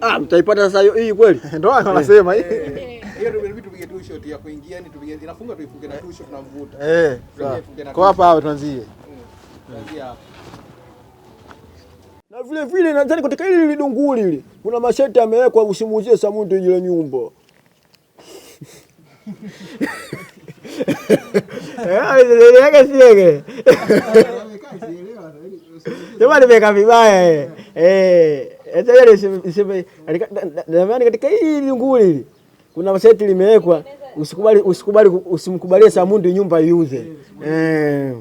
Ah, mtaipata sasa hiyo hii kweli? Ndio wao wanasema hii. Eh. Hiyo ndio vitu tupige tu shot ya kuingia ni tupige inafunga tu ifunge na tu shot na mvuta. Eh. Kwa hapa hapo tuanzie. Eh, tuanzie hapo. Na vile vile nadhani katika hili lidunguli hili kuna mashati yamewekwa usimuuzie Samuntu eh, ile nyumba. Jamani, nimeka vibaya eh. Jamani, katika hii linguli hili kuna seti limewekwa, usikubali usikubali, usimkubalie Samundi nyumba iuze. Eh.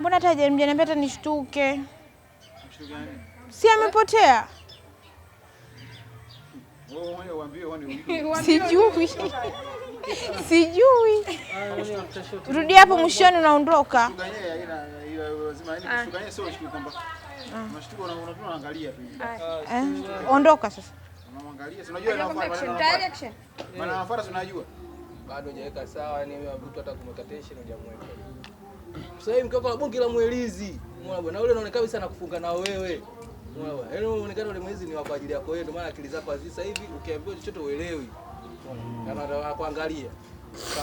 Mbona hata hajaniambia hata nishtuke? Si amepotea? Sijui. Sijui. Rudia hapo mwishoni, unaondoka. Ondoka sasa. Sasa hivi mkeo kwa bungi la mwelizi Unaona bwana, yule kabisa anakufunga na wewe. Unaona bwana, yule anaonekana yule mwelezi ni kwa ajili yako wewe, ndio maana akili zako hizi sasa hivi ukiambiwa chochote uelewi. Mm. kuangalia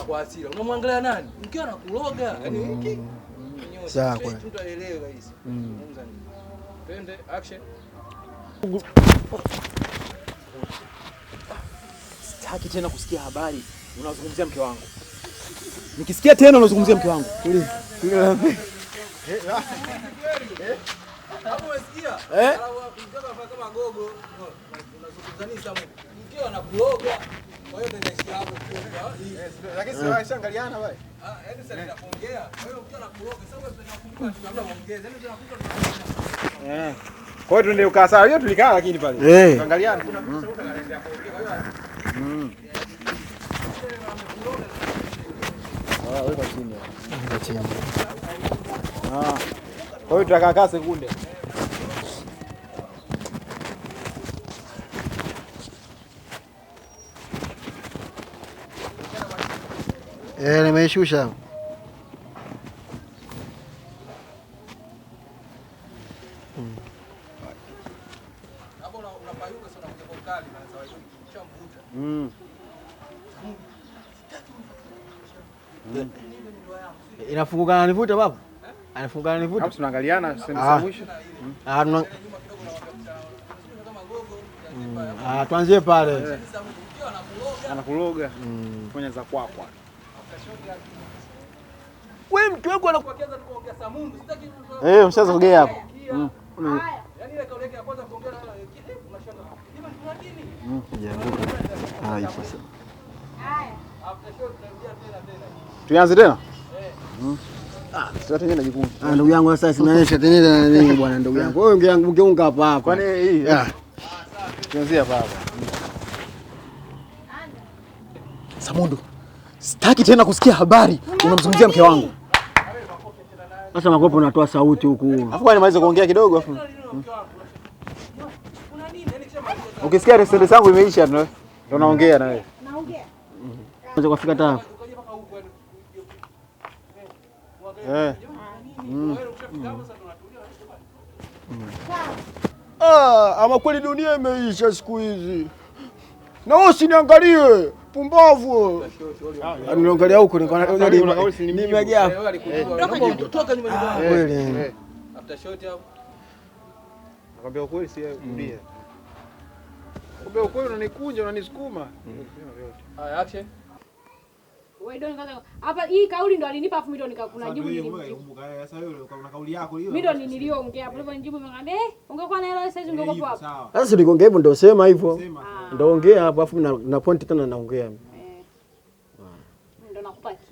kwa hasira, unamwangalia nani? Mkiwa anakuloga mm. yani, mm. sawa kweli, tutaelewa kabisa. Twende action. Sitaki tena kusikia habari unazungumzia mke wangu. Nikisikia tena unazungumzia mke wangu. Eh? Kwa hiyo ndio ndio mm. hapo ah, yaani yaani eh. hiyo tulikaa lakini pale. Eh. Tuangaliana. Kuna mm. mtu kwa hiyo. tutakaa sekunde. Eh, nimeishusha. Mm. Mm. Inafunguka na nivuta baba. Anafunguka na nivuta. Hapo tunaangaliana sehemu ah. za mwisho. Ah, tuna hmm. Ah, tuanzie pale. Eh. Anakuloga. Hmm. Fanya za kwako. Wewe mtu wangu anakuelekeza Eh, ushazogea hapo. Tuanze tena? Eh. Mm. Ah, ah, ndugu yangu sasa sinaonyesha tena nini bwana ndugu eh. yangu. Wewe ungeangu ungeunga hapa hapa. Kwani hii? Ah, sawa. Ah, tuanzie hapa hapa. Samundu. Sitaki tena kusikia habari unamzungumzia mke wangu. Sasa makopo unatoa sauti huku. Afu nimalize kuongea kidogo afu. Ukisikia resende zangu imeisha ndio naongea na wewe. Naongea. Unaweza kufika hata. Eh. Ah, ama kweli dunia imeisha siku hizi. Na wewe usiniangalie. Pumbovu Aniongelea huko yaani nimejaa yaani eh. eh. kweli. Nakwambia si mm. unanikunja unanisukuma. Mm. Action hapa hii kauli ndo alinipa, afu mimi ndo kuna niliongea hapo, hivyo nijibu mwangalie, ungekuwa na hilo ungekuwa hapo. Eh, Sasa hivyo, ndo sema hivyo, ah. ndo ongea hapo, afu na point tena naongea eh. ndo nakupa